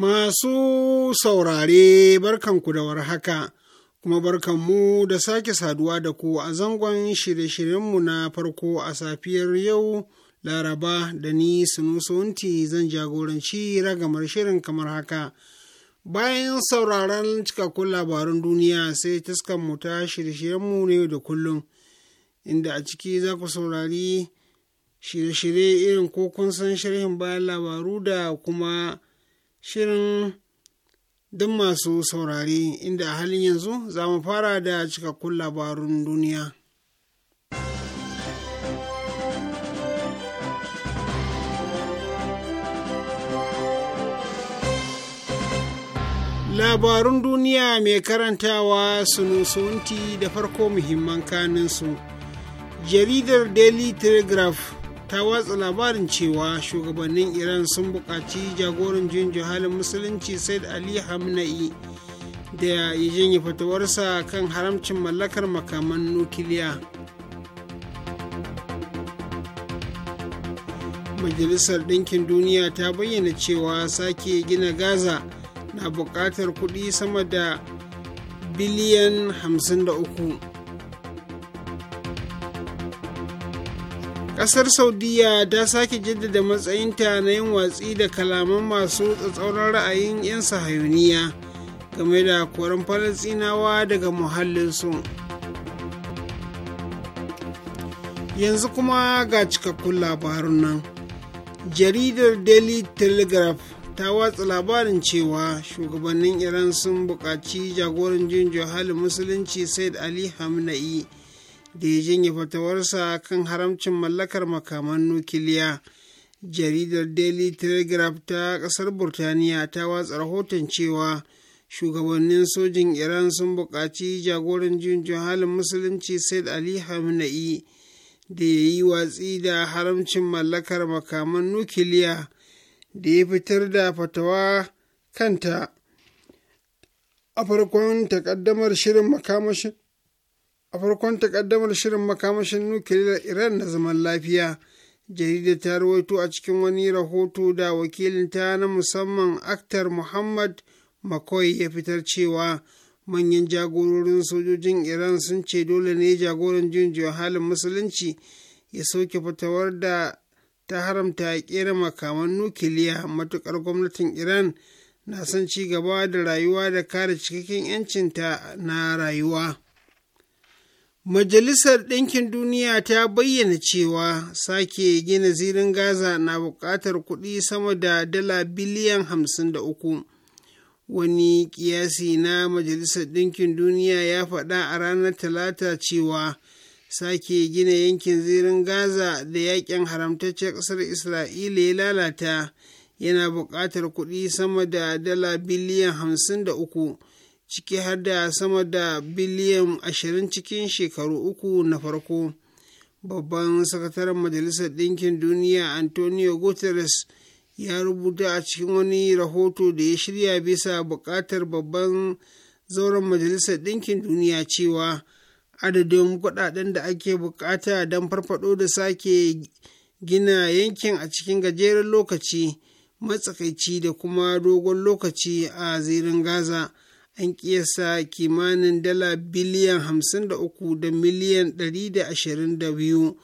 Masu saurare barkanku da warhaka, kuma barkanmu da sake saduwa da ku a zangon shirye-shiryenmu na farko a safiyar yau Laraba da ni Sunusunti zan jagoranci ragamar shirin kamar haka. Bayan sauraron cikakkun labarun duniya sai taskanmu ta shirye-shiryenmu ne da kullum, inda a ciki za ku saurari shirye-shirye irin ko kun san sharhin bayan labaru da kuma. shirin duk masu saurari, inda a halin yanzu za mu fara da cikakkun labarun duniya. Labarun duniya mai karantawa sunusunti da farko muhimman su Jaridar Daily Telegraph ta watsa labarin cewa shugabannin iran sun buƙaci jagoran jinjo halin musulunci said ali hamna'i da ya janye fatawarsa kan haramcin mallakar makaman nukiliya majalisar ɗinkin duniya ta bayyana cewa sake gina gaza na buƙatar kuɗi sama da biliyan 53 kasar saudiya ta sake jaddada matsayinta na yin watsi da kalaman masu tsatsauran ra'ayin 'yan sahayuniya game da koren falasinawa daga muhallinsu yanzu kuma ga cikakkun labarun nan jaridar daily telegraph ta watsa labarin cewa shugabannin iran sun buƙaci jagoran jin halin musulunci said ali hamna'i da ya janye fatawarsa kan haramcin mallakar makaman nukiliya jaridar daily telegraph ta kasar burtaniya ta watsa rahoton cewa shugabannin sojin iran sun buƙaci jagoran jinjin halin musulunci said ali hamna'i da ya yi watsi da haramcin mallakar makaman nukiliya da ya fitar da fatawa kanta a farkon takaddamar shirin makamashin a farkon takaddamar shirin makamashin nukiliyar iran na zaman lafiya jaridar ta rawaito a cikin wani rahoto da wakilinta na musamman aktar muhammad mccoy ya fitar cewa manyan jagororin sojojin iran sun ce dole ne jagoran jinjiyar halin musulunci ya soke fatawar da ta haramta kera makaman nukiliya matukar gwamnatin iran na son ci gaba da rayuwa da kare cikakken 'yancinta na rayuwa Majalisar Ɗinkin Duniya ta bayyana cewa sake gina zirin Gaza na buƙatar kuɗi sama da dala biliyan hamsin Wani kiyasi na Majalisar Ɗinkin Duniya ya faɗa a ranar Talata cewa sake gina yankin zirin Gaza da yaƙin haramtaccen ƙasar Isra'ila ya lalata yana buƙatar kuɗi sama da dala biliyan hamsin da ciki har da sama da biliyan ashirin cikin shekaru uku na farko babban sakataren majalisar ɗinkin duniya antonio guterres ya rubuta a cikin wani rahoto da ya shirya bisa buƙatar babban zauren majalisar ɗinkin duniya cewa adadin kuɗaɗen da ake buƙata don farfaɗo da sake gina yankin a cikin gajeren lokaci matsakaici da kuma dogon lokaci a zirin gaza an kiyasa kimanin dala biliyan 53 da miliyan 122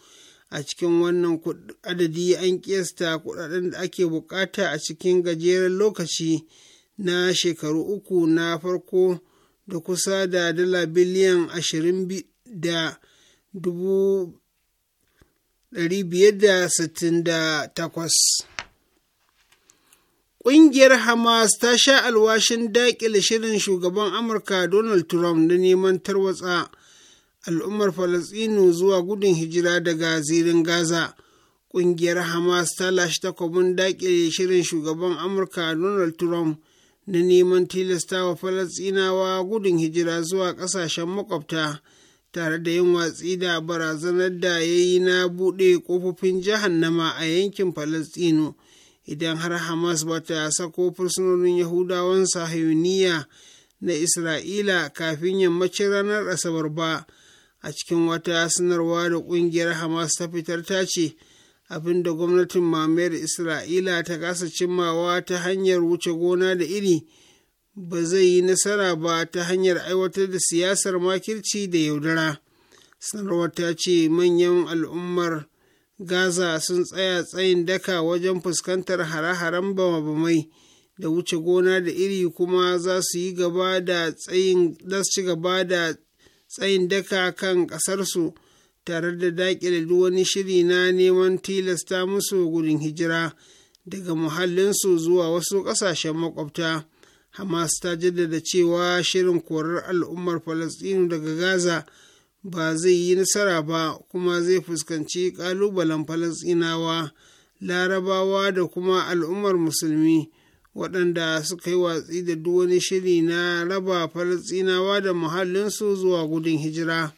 a cikin wannan adadi an kiyasta kudaden da ake bukata a cikin gajeren lokaci na shekaru uku na farko da kusa da dala biliyan 20 da 568 Ƙungiyar Hamas ta sha alwashin daƙile shirin shugaban Amurka Donald Trump na neman tarwatsa al'ummar Falasɗinu zuwa gudun hijira daga zirin Gaza. Ƙungiyar Hamas ta lashe takwabin daƙile shirin shugaban Amurka Donald Trump na neman tilasta wa Falasɗinawa gudun hijira zuwa ƙasashen makwabta tare da yin watsi da barazanar da ya yi na buɗe ƙofofin Nama a yankin Falasɗinu. idan har hamas ba ta sako fursunonin yahudawan sahiyuniya na isra'ila kafin yammacin ranar asabar ba a cikin wata sanarwa da ƙungiyar hamas ta fitar ta ce abin da gwamnatin mamayar isra'ila ta kasa cimmawa ta hanyar wuce gona da iri ba zai yi nasara ba ta hanyar aiwatar da siyasar makirci da yaudara sanarwar ta ce manyan al'ummar Gaza sun tsaya tsayin daka wajen fuskantar hare-haren bama-bamai da wuce gona da iri kuma za su yi gaba da tsayin ci gaba da tsayin daka kan ƙasarsu tare da daƙile duk wani shiri na neman tilasta musu gudun hijira daga muhallinsu zuwa wasu ƙasashen makwabta. Hamas ta jaddada cewa shirin korar al'ummar Falasɗinu daga Gaza ba zai yi nasara ba kuma zai fuskanci ƙalubalen falasɗinawa larabawa da kuma al'ummar musulmi waɗanda suka yi watsi da duk wani shiri na raba falasɗinawa da muhallinsu zuwa gudun hijira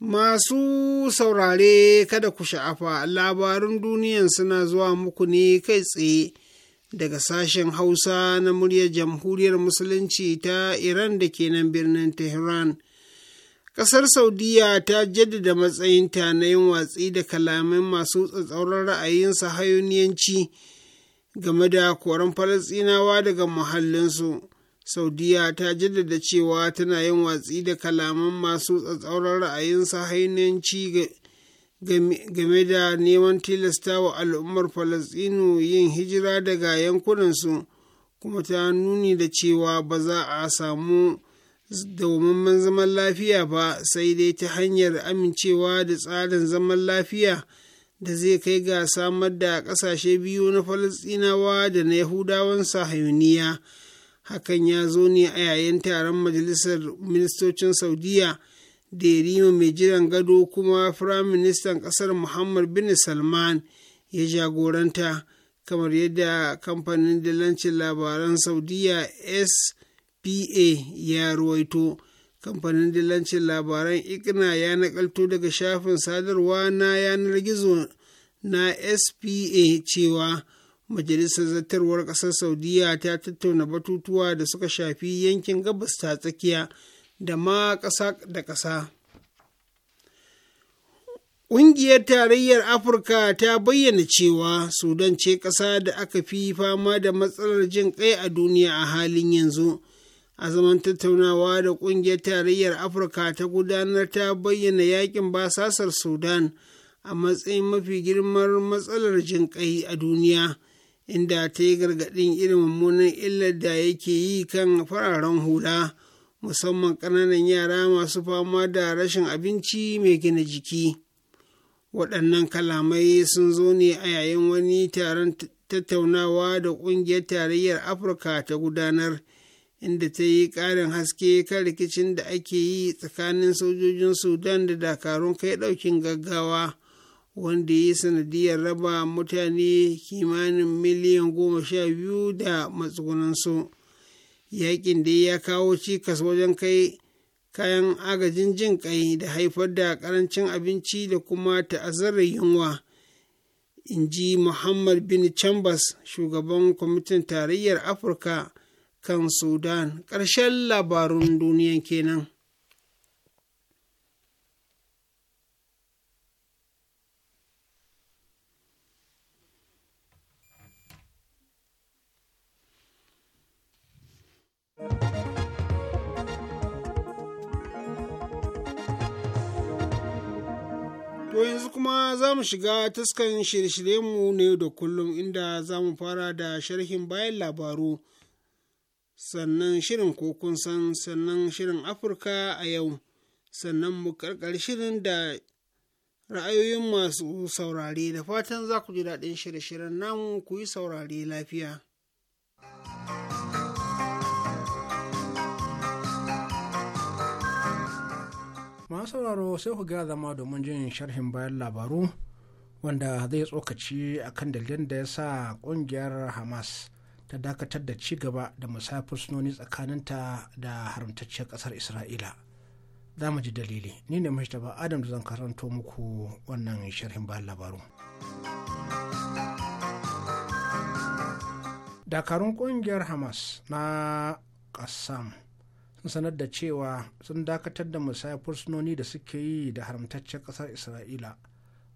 masu saurare kada ku sha'afa labarin duniyan suna zuwa muku ne kai tsaye daga sashen hausa na muryar jamhuriyar musulunci ta iran da ke nan birnin tehran Ƙasar Saudiyya ta jaddada matsayinta na yin watsi da kalamin masu tsatsauran ra'ayin sahayuniyanci game da koran Falasɗinawa daga muhallinsu. Saudiyya ta jaddada cewa tana yin watsi da kalaman masu tsatsauran ra'ayin sahayuniyanci game da neman tilasta wa al'ummar Falasɗinu yin hijira daga yankunansu, kuma ta nuni da cewa ba za a samu. dawwammamen zaman lafiya ba sai dai ta hanyar amincewa da tsarin zaman lafiya da zai kai ga samar da ƙasashe biyu na falasɗinawa da na yahudawan sahayuniya hakan ya zo ne a yayin taron majalisar ministocin saudiya da yarima mai jiran gado kuma firaministan ƙasar muhammad bin salman ya jagoranta kamar yadda kamfanin dalancin labaran saudiya s pa ya ruwaito kamfanin dillancin labaran ikna ya nakalto daga shafin sadarwa na yanar gizo na spa cewa majalisar zartarwar ƙasar saudiya ta tattauna batutuwa da suka shafi yankin gabas ta tsakiya da ma ƙasa da ƙasa Ƙungiyar Tarayyar Afirka ta bayyana cewa Sudan ce ƙasa da aka fi fama da matsalar jin ƙai a duniya a halin yanzu, a zaman tattaunawa da ƙungiyar tarayyar afirka ta gudanar ta bayyana yakin basasar sudan a matsayin mafi girmar matsalar jinƙai a duniya inda ta yi gargaɗin irin mummunan illar da yake yi kan fararen hula musamman ƙananan yara masu fama da rashin abinci mai gina jiki waɗannan kalamai sun zo ne a yayin wani taron tattaunawa da ƙungiyar tarayyar afirka ta gudanar inda ta yi ƙarin haske kan rikicin da ake yi tsakanin sojojin sudan da dakarun kai ɗaukin gaggawa wanda ya yi sanadiyar raba mutane kimanin miliyan goma sha biyu da matsugunansu yakin da ya kawo cikas wajen kai kayan agajin jin kai da haifar da karancin abinci da kuma ta'azzarar yunwa in ji muhammad bin chambers shugaban kwamitin tarayyar afirka kan Sudan ƙarshen labarun duniya kenan. To yanzu kuma za mu shiga taskan shirye-shiryenmu ne da kullum inda za mu fara da sharhin bayan labaru. sannan shirin kun san sannan shirin afirka a yau sannan mu karkar shirin da ra'ayoyin masu saurare da fatan za ku ji daɗin shirye-shiryen namu ku yi saurare lafiya. masu sauraro sai ku gaya zama domin jin sharhin bayan labaru wanda zai tsokaci akan dalilin da ya sa ƙungiyar hamas ta dakatar da ci gaba da musayar fursunoni tsakaninta da haramtacciyar kasar isra'ila za mu ji dalili ni ne ba adam da zan karanto muku wannan sharhin bayan labaru dakarun kungiyar hamas na ƙasam sun sanar da cewa sun dakatar da musayar fursunoni da suke yi da haramtacciyar kasar isra'ila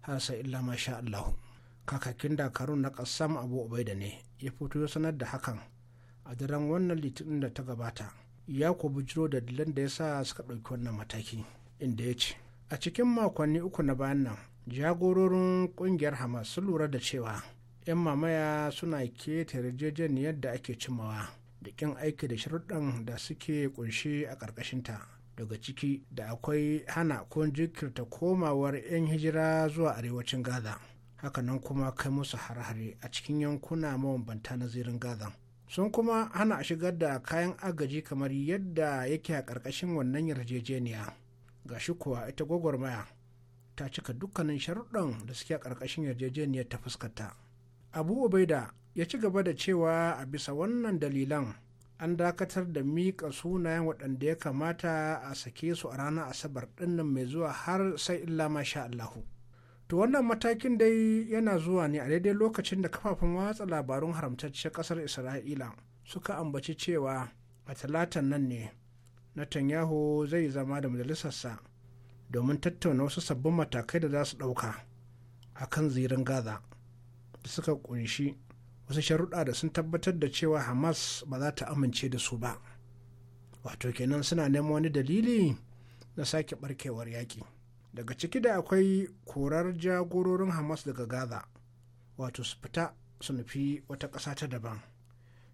har sai illa masha allahu kakakin dakarun na kasam abu ubaida ne ya fito ya sanar da hakan a daren wannan litinin da ta gabata ya ku bujiro da dalilan da ya sa suka ɗauki wannan mataki inda ya ce a cikin makonni uku na bayan nan jagororin ƙungiyar hamas sun lura da cewa 'yan mamaya suna keta yarjejeniyar da ake cimawa da ƙin aiki da sharuɗan da suke ƙunshi a ƙarƙashinta daga ciki da akwai hana ko jikirta komawar 'yan hijira zuwa arewacin gaza hakanan kuma kai musu harhare hare a cikin yankuna mabambanta na zirin gaza sun kuma hana a shigar da kayan agaji kamar yadda yake a ƙarƙashin wannan yarjejeniya ga shi kuwa ita gwagwarmaya ta cika dukkanin sharuɗan da suke a ƙarƙashin yarjejeniyar ta fuskanta. abu ubaida ya ci gaba da cewa a bisa wannan dalilan an dakatar da miƙa sunayen waɗanda ya kamata a sake su a ranar asabar ɗinnan mai zuwa har sai illa masha Allahu. to wannan matakin dai yana zuwa ne a daidai lokacin da kafafen watsa labarun haramtacciyar ƙasar isra'ila suka ambaci cewa a talatan nan ne netanyahu zai zama da majalisarsa domin tattauna wasu sabbin matakai da za su ɗauka a kan zirin gaza da suka kunshi wasu sharuɗa da sun tabbatar da cewa hamas ba za ta amince da su ba wato kenan suna neman wani dalili na sake barkewar yaƙi daga ciki da akwai korar jagororin hamas daga gaza wato su fita su nufi wata ƙasa ta daban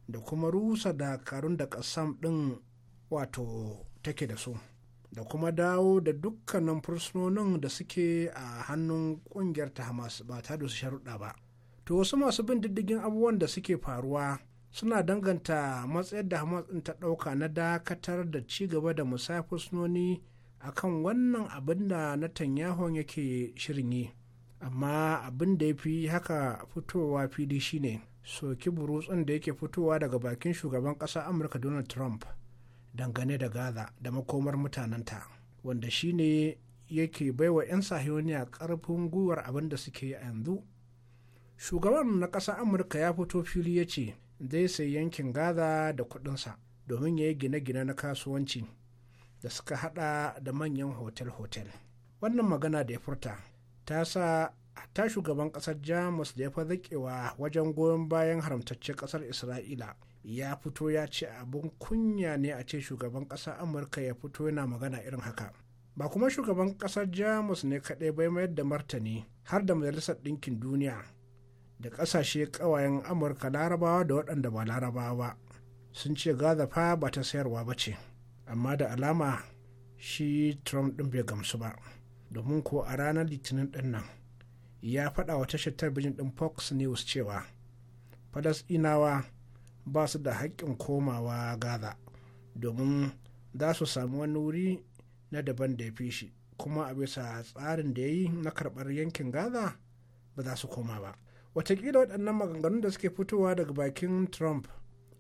da kuma rusa dakarun da ƙasam ɗin wato take da su da kuma dawo da dukkanin fursunonin da suke a hannun ƙungiyar ta hamas ba ta da su sharuɗa ba to wasu masu bin diddigin abubuwan da suke faruwa suna danganta matsayar da hamas ɗin ta ɗauka na dakatar da ci gaba da musayar fursunoni akan wannan abin da Netanyahu yake shirin yi amma abin da ya fi haka fitowa fili shine soki burutsun da yake fitowa daga bakin shugaban ƙasa amurka donald trump dangane da gaza da makomar mutanenta wanda shine yake baiwa 'yan sahiyoniya ƙarfin gwiwar abin da suke a yanzu shugaban na ƙasa amurka ya fito fili ya ce zai sai yankin gaza da kuɗinsa domin ya yi gine-gine na kasuwanci da suka hada da manyan hotel-hotel wannan magana da ya furta ta sa ta shugaban kasar jamus da ya fi wajen goyon bayan haramtaccen kasar isra'ila ya fito ya ce abin kunya ne a ce shugaban kasar amurka ya fito yana magana irin haka ba kuma shugaban kasar jamus ne kaɗai bai mayar da martani har da majalisar ɗinkin duniya da ƙasashe ƙawayen amurka larabawa da waɗanda ba larabawa ba sun ce gaza fa ba ta sayarwa ba ce amma da alama shi trump din bai gamsu ba domin ko a ranar litinin din nan ya faɗa wa tashar talabijin din fox news cewa falasɗinawa ba su da haƙƙin komawa gaza domin za su samu wani wuri na daban da ya fi shi kuma a bisa tsarin da ya yi na karɓar yankin gaza ba za su koma ba watakila waɗannan maganganun da suke fitowa daga bakin trump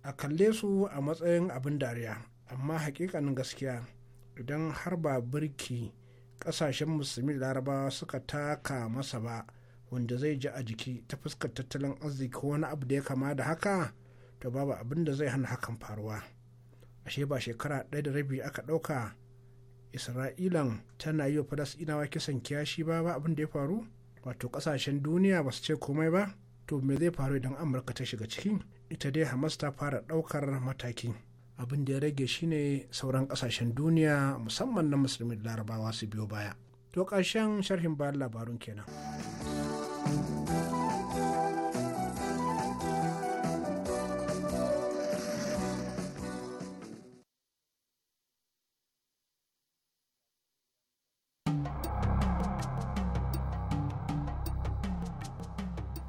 a kalle su a matsayin abin dariya amma hakikanin gaskiya idan har ba birki kasashen musulmi larabawa suka taka masa ba wanda zai ji a jiki ta fuskar tattalin arziki wani abu da ya kama da haka to babu abin da zai hana hakan faruwa ashe ba shekara ɗaya da rabi aka ɗauka isra'ilan tana yi wa falasɗinawa kisan kiyashi ba ba abin da ya faru wato ƙasashen duniya ba su ce komai ba to me zai faru idan amurka ta shiga ciki ita dai hamas ta fara ɗaukar mataki abin da ya rage shine sauran kasashen duniya musamman na musulmin larabawa su biyo baya to ƙarshen sharhin bayan labarun kenan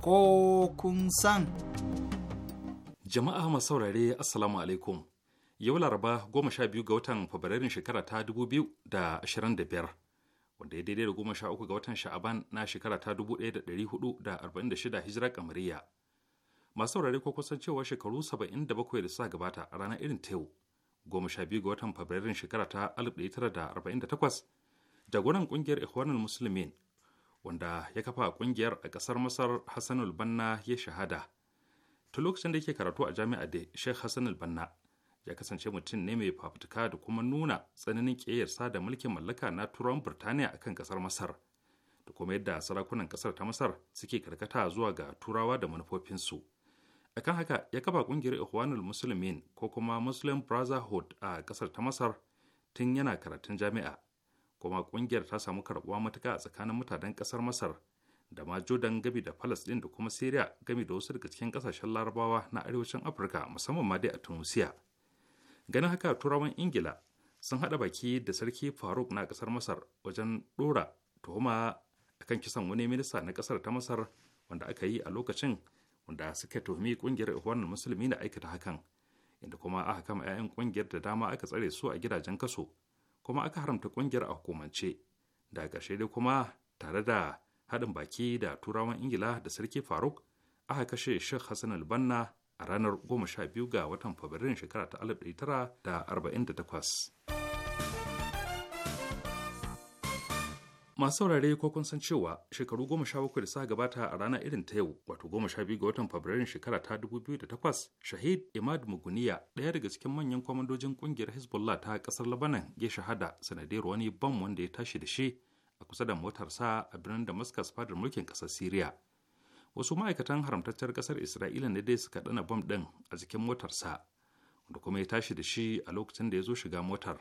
ko kun san jama'a masaurare assalamu alaikum yau laraba goma sha biyu ga watan fabrairun shekara ta dubu biyu da ashirin da biyar wanda ya daidai da goma sha uku ga watan sha'aban na shekara ta dubu ɗaya da ɗari hudu da arba'in da shida hijira kamariya masu saurare ko kusan cewa shekaru saba'in da bakwai da suka gabata a ranar irin ta yau goma sha biyu ga watan fabrairun shekara ta alif ɗaya tara da arba'in da takwas jagoran ƙungiyar ikhwanul musulmin wanda ya kafa ƙungiyar a ƙasar masar hassanul banna ya shahada tun lokacin da yake karatu a jami'a da sheikh hassan banna ya kasance mutum ne mai fafutuka da kuma nuna tsananin ƙeyarsa da mulkin mallaka na turawan Birtaniya akan kasar Masar, da kuma yadda sarakunan kasar ta Masar suke karkata zuwa ga turawa da manufofinsu. akan haka ya kafa ƙungiyar Ikhwanul Musulmin ko kuma Muslim Brotherhood a kasar ta Masar tun yana karatun jami'a, kuma ƙungiyar ta samu karbuwa matuka a tsakanin mutanen kasar Masar da ma Jordan gami da Palestine da kuma Syria gami da wasu daga cikin kasashen Larabawa na arewacin Afirka musamman ma dai a Tunisia. ganin haka turawan ingila sun haɗa baki da sarki faruk na ƙasar masar wajen dora tuhuma kan kisan wani minista na ƙasar ta masar wanda aka yi a lokacin wanda suka tuhumi ƙungiyar ihwanul musulmi na aikata hakan inda kuma aka kama 'ya'yan ƙungiyar da dama aka tsare su a gidajen kaso kuma aka haramta kungiyar a hukumance da ƙarshe dai kuma tare da haɗin baki da turawan ingila da sarki faruk aka kashe shek hassan albanna a ranar 12 ga watan Fabrairun shekara ta 1948. Masu saurare ko kun san cewa shekaru goma sha bakwai da suka gabata a rana irin ta yau wato goma sha biyu ga watan Fabrairun shekara ta dubu biyu da takwas Shahid Imad Muguniya ɗaya daga cikin manyan kwamandojin ƙungiyar Hezbollah ta ƙasar Labanan ya shahada sanadiyar wani bam wanda ya tashi da shi a kusa da motarsa a birnin Damascus fadar mulkin ƙasar syria. wasu ma'aikatan haramtaccen kasar isra'ila ne dai suka dana bom ɗin a jikin motarsa wanda kuma ya tashi da shi a lokacin da ya zo shiga motar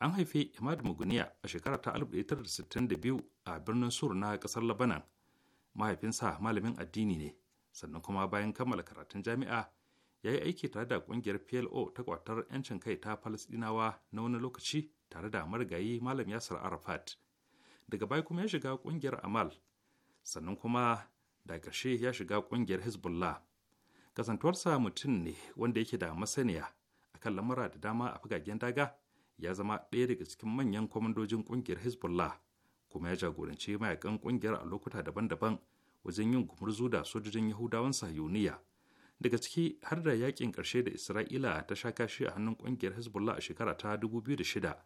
an haifi imad muguniya a shekara ta 1962 a birnin sur na kasar labanan mahaifinsa malamin addini ne sannan kuma bayan kammala karatun jami'a ya yi aiki tare da kungiyar plo ta kwatar 'yancin kai ta Falasɗinawa na wani lokaci tare da marigayi malam yasir arafat daga baya kuma ya shiga kungiyar amal sannan kuma da ƙarshe ya shiga ƙungiyar hezbollah kasantuwarsa mutum ne wanda yake da masaniya akan lamura da dama a fagagen daga ya zama ɗaya daga cikin manyan kwamandojin ƙungiyar hezbollah kuma ya jagoranci mayakan ƙungiyar a lokuta daban-daban wajen yin gumurzu da sojojin yahudawan sahiyuniya daga ciki har da yakin ƙarshe da isra'ila ta sha kashi a hannun ƙungiyar hezbollah a shekara ta 2006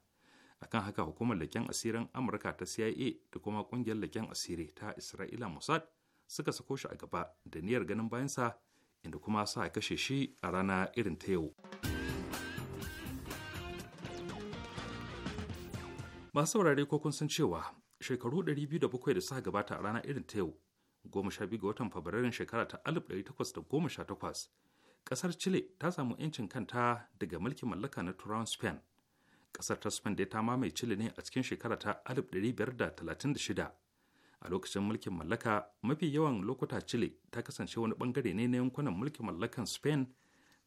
akan haka hukumar leken asirin amurka ta cia da kuma ƙungiyar leken asiri ta isra'ila mossad suka sako shi a gaba da niyyar ganin bayansa inda kuma sa kashe shi a rana irin ta yau. Masu saurare ko kun san cewa shekaru 207 da suka gabata a rana irin ta yau, 12 ga watan Fabrairun shekara ta 1818, ƙasar Chile ta samu 'yancin kanta daga mulkin mallaka na Turawan Spain. Kasar ta Spain dai ta mamaye Chile ne a cikin shekara ta 1536 a lokacin mulkin mallaka mafi yawan lokuta chile ta kasance wani bangare ne na yankunan mulkin mallakan spain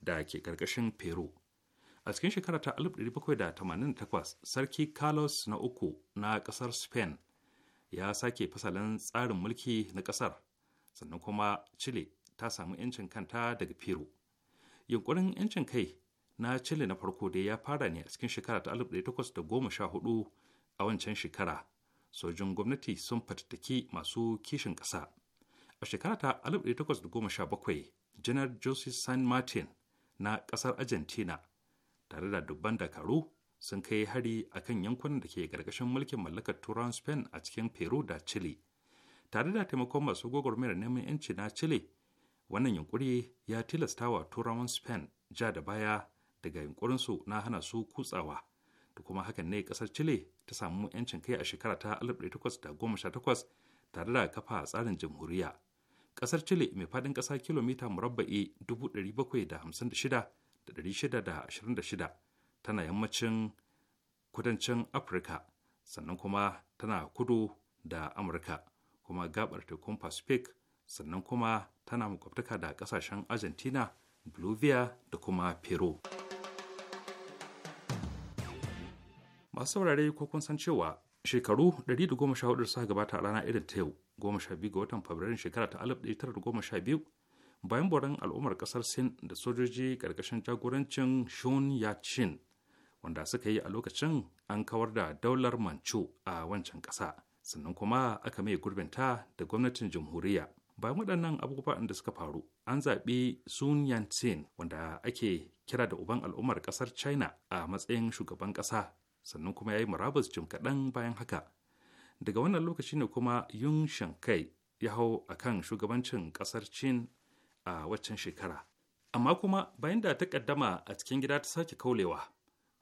da ke karkashin peru a cikin shekara ta 1788 sarki carlos na uku na kasar spain ya sake fasalin tsarin mulki na kasar sannan kuma chile ta samu 'yancin kanta daga peru yunkurin 'yancin kai na chile na farko dai ya fara ne a cikin shekara ta 1814 a wancan shekara sojin gwamnati sun fatattaki masu kishin ƙasa. A shekara ta 1817, Janar Joseph San Martin na ƙasar Argentina tare da dubban dakaru sun kai hari a kan yankunan da ke gargashin mulkin mallakar turan Spain a cikin Peru da Chile. Tare da taimakon masu gwagwarmayar neman 'yanci na Chile, wannan yunkuri ya tilastawa turawan Spain ja da baya daga yunkurinsu na hana su kutsawa. da kuma hakan ne kasar chile ta samu 'yancin kai a shekara ta 1818 tare da kafa tsarin jamhuriya kasar chile mai fadin kasa kilomita murabba'i 756,626 tana yammacin kudancin afirka sannan kuma tana kudu da amurka kuma gabar tekun pacific sannan kuma tana makwabtaka da kasashen argentina bolivia da kuma peru masu saurare ko kun san cewa shekaru 114 suka gabata a rana irin ta yau 12 ga watan fabrairun shekara ta 1912 bayan boran al'ummar kasar sin da sojoji karkashin jagorancin shun chin wanda suka yi a lokacin an kawar da daular manchu a wancan kasa sannan kuma aka mai gurbinta da gwamnatin jamhuriya bayan waɗannan abubuwa da suka faru an zaɓi sun yantsin wanda ake kira da uban al'ummar ƙasar china a matsayin shugaban ƙasa sannan kuma ya yi murabus jim kaɗan bayan haka daga wannan lokaci ne kuma yun shankai ya hau a kan shugabancin ƙasar cin a waccan shekara amma kuma bayan da ta ƙaddama a cikin gida ta sake kaulewa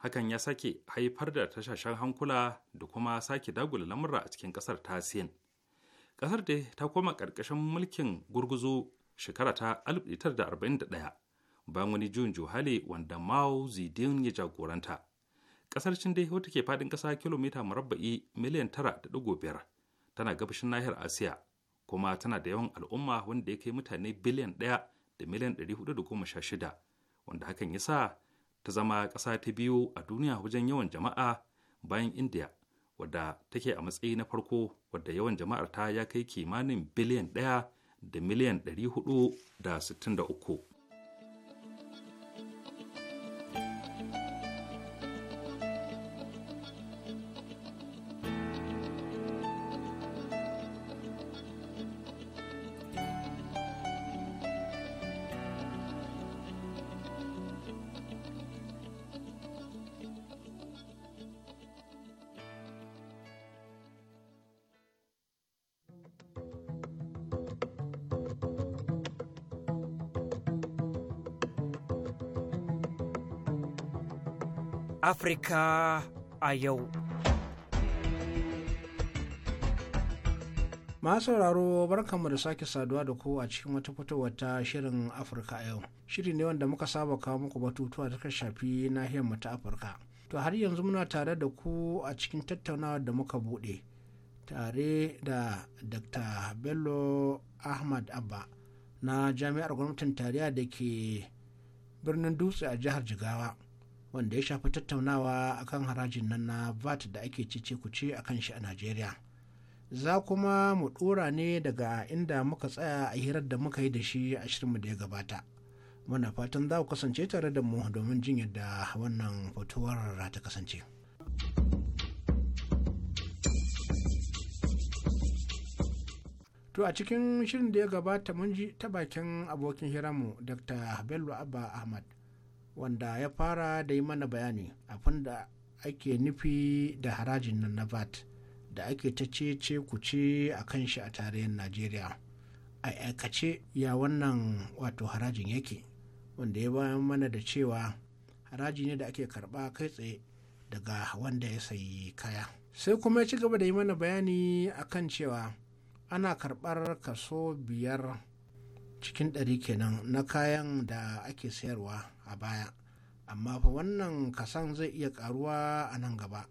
hakan ya sake haifar da tashashen hankula da kuma sake dagula lamurra a cikin ƙasar ta sin ƙasar da ta koma ƙarƙashin mulkin gurguzu shekara ta 1941 bayan wani juyin juhali wanda mao zedong ya jagoranta Kasar Cin dai wata ke fadin kasa kilomita murabba'i miliyan tara da tana gabashin nahiyar Asiya kuma tana da yawan al'umma wanda ya kai mutane biliyan ɗaya da miliyan ɗari hudu da goma sha shida wanda hakan ya sa ta zama ƙasa ta biyu a duniya wajen yawan jama'a bayan India wadda take a matsayi na farko wadda yawan jama'ar ta ya kai kimanin biliyan ɗaya da miliyan ɗari hudu da sittin da uku. Afirka a yau. Masu sauraro barkanmu da sake saduwa da ku a cikin wata fitowar ta shirin Afirka a yau. Shiri ne wanda muka saba kawo muku batutuwa da ta shafi nahiyar mu ta Afirka. To har yanzu muna tare da ku a cikin tattaunawar da muka buɗe tare da Dr. Bello Ahmad Abba na Jami'ar Gwamnatin Tariya da ke birnin Dutse a jihar Jigawa. wanda ya shafi tattaunawa a kan harajin nan na vat da ake cece kuce a kan shi a najeriya za kuma mu dora ne daga inda muka tsaya a hirar da muka yi da shi a shirinmu da ya gabata muna fatan za ku kasance tare da mu domin jin yadda wannan fitowar ta kasance. To a cikin shirin da ya gabata mun ji ta bakin abokin hiramu Dr. Bello Abba Ahmad wanda ya fara da yi mana bayani abin da ake nufi da harajin nan na VAT da ake ta ce ku ce a kan shi a tarayyar Najeriya. A aikace ya wannan wato harajin yake wanda ya bayan mana da cewa haraji ne da ake karba kai tsaye daga wanda ya sayi kaya. Sai kuma ya ci gaba da yi mana bayani a kan cewa ana karɓar kaso biyar cikin ɗari kenan na kayan da ake sayarwa a baya amma fa wannan kasan zai iya karuwa a nan gaba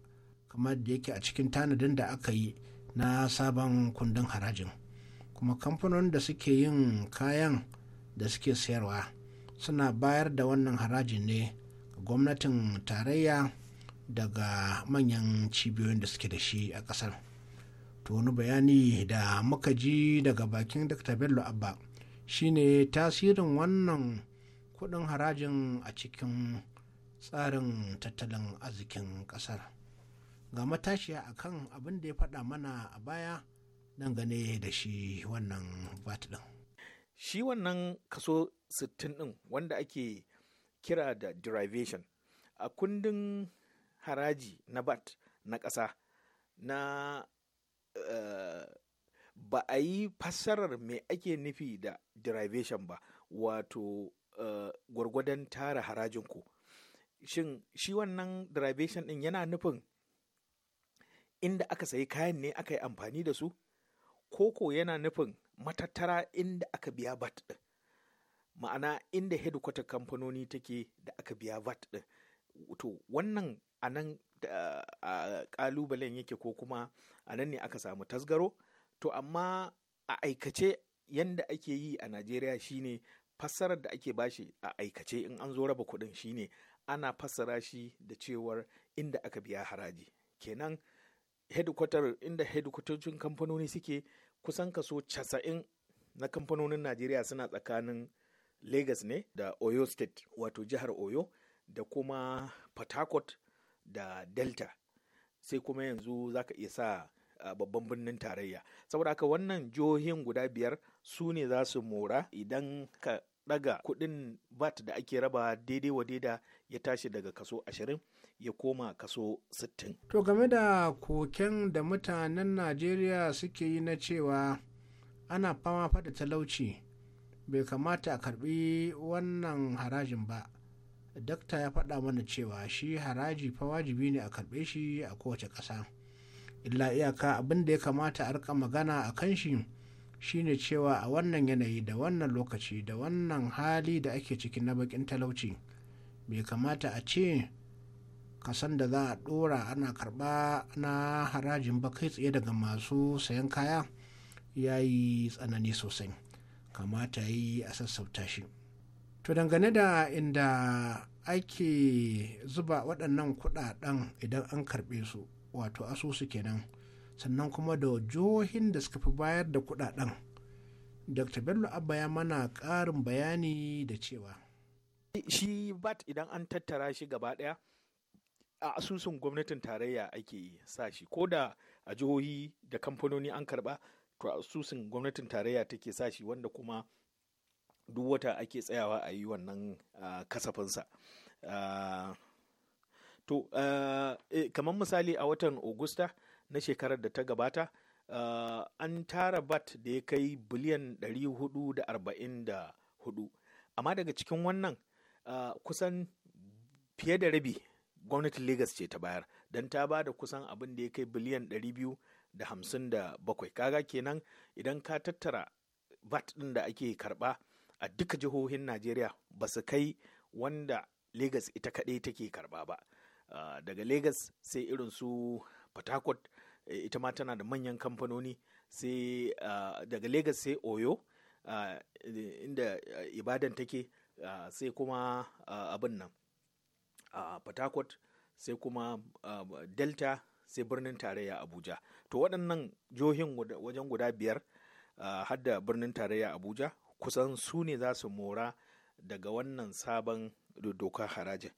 kamar da yake a cikin tanadin da aka yi na sabon kundin harajin kuma kamfanonin da suke yin kayan da suke sayarwa suna bayar da wannan harajin ne a gwamnatin tarayya daga manyan cibiyoyin da suke da shi a ƙasar to wani bayani da muka ji daga bakin dr bello abba shine tasirin wannan kudin harajin a cikin tsarin tattalin arzikin kasar ga matashiya kan abin da ya faɗa mana a baya dangane da shi wannan bat ɗin shi wannan kaso 60 ɗin wanda ake kira da derivation a kundin haraji na bat na ƙasa na uh, ba a yi fassarar me ake nufi da derivation ba wato uh, gwargwadon tara harajin ku shin shi wannan derivation din yana nufin inda aka sayi kayan ne aka yi amfani da su koko yana nufin matattara inda aka biya bat din ma'ana inda headquarter kamfanoni take da aka biya bat ɗin. To, wannan a nan eh, ƙalubalen yake ko kuma a nan ne aka samu tasgaro to amma a aikace yadda ake yi a najeriya shine fassarar da ake bashi a aikace in an zo raba kudin shine ana fassara shi da cewar inda aka biya haraji kenan headquarter inda hedikwatocin kamfanoni suke kusan kaso casa'in na kamfanonin najeriya suna tsakanin lagos ne da oyo state wato jihar oyo da kuma port da delta sai kuma yanzu zaka iya sa babban birnin tarayya saboda haka wannan jihohin guda biyar su ne za su mora idan ka daga kudin bat da ake raba daidai wa daida ya tashi daga kaso ashirin ya koma kaso sittin. To game da koken da mutanen Najeriya suke yi na cewa ana fama fada talauci bai kamata a karbi wannan harajin ba. Dakta ya faɗa mana cewa shi haraji fa wajibi ne a karbe shi a kowace ƙasa. illa iyaka abin da ya kamata a rika magana a kan shi shine cewa a wannan yanayi da wannan lokaci da wannan hali da ake ciki na bakin talauci bai kamata a ce kasan da za a dora ana karba na harajin ba tsaye daga masu sayan kaya ya yi tsanani sosai kamata yi a sassauta shi to dangane da inda ake zuba waɗannan kuɗaɗen idan an karɓe su wato asusu kenan sannan kuma da jihohin da suka fi bayar da kudaden dr bello abba ya mana karin bayani da cewa shi bat idan an tattara shi gaba daya a asusun gwamnatin tarayya ake sa shi ko da a jihohi da kamfanoni an karba to asusun gwamnatin tarayya take sa shi wanda kuma duk wata ake tsayawa a yi wannan kasafinsa To, uh, eh, eh kamar misali a watan Augusta na shekarar da ta gabata, uh, an tara bat da ya kai biliyan 444. Amma daga cikin wannan uh, kusan fiye da rabi gwamnatin lagos ce ta bayar, don ta ba da kusan abin da ya kai biliyan 257. Kaga kenan idan ka tattara bat ɗin da ake karɓa a duka jihohin Najeriya ba su kai wanda lagos ita kaɗai take karɓa ba. Ah, daga Legas sai irin su patakot eh, ita ma tana da manyan kamfanoni sai ah, daga Legas sai Oyo ah, inda eh, Ibadan take sai kuma abin nan patakot sai kuma Delta sai birnin tarayya Abuja to waɗannan jihohin wajen guda biyar har da birnin tarayya Abuja kusan su ne za su mora daga wannan sabon doka harajin.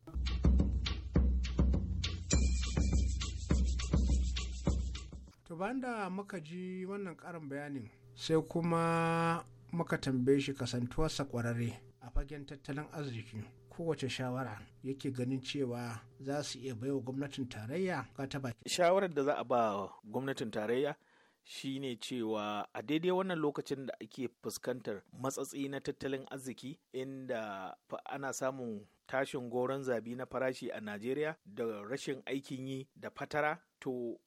bayan da muka ji wannan karin bayanin sai kuma muka tambaye shi kasantuwarsa kwararre a fagen tattalin arziki kowace shawara yake ganin cewa za su iya baiwa gwamnatin tarayya ka ta baki. Shawarar da za a ba gwamnatin tarayya shine cewa a daidai wannan lokacin da ake fuskantar matsatsi na tattalin arziki inda ana samun tashin goron zabi na farashi a Najeriya da rashin aikin yi da fatara to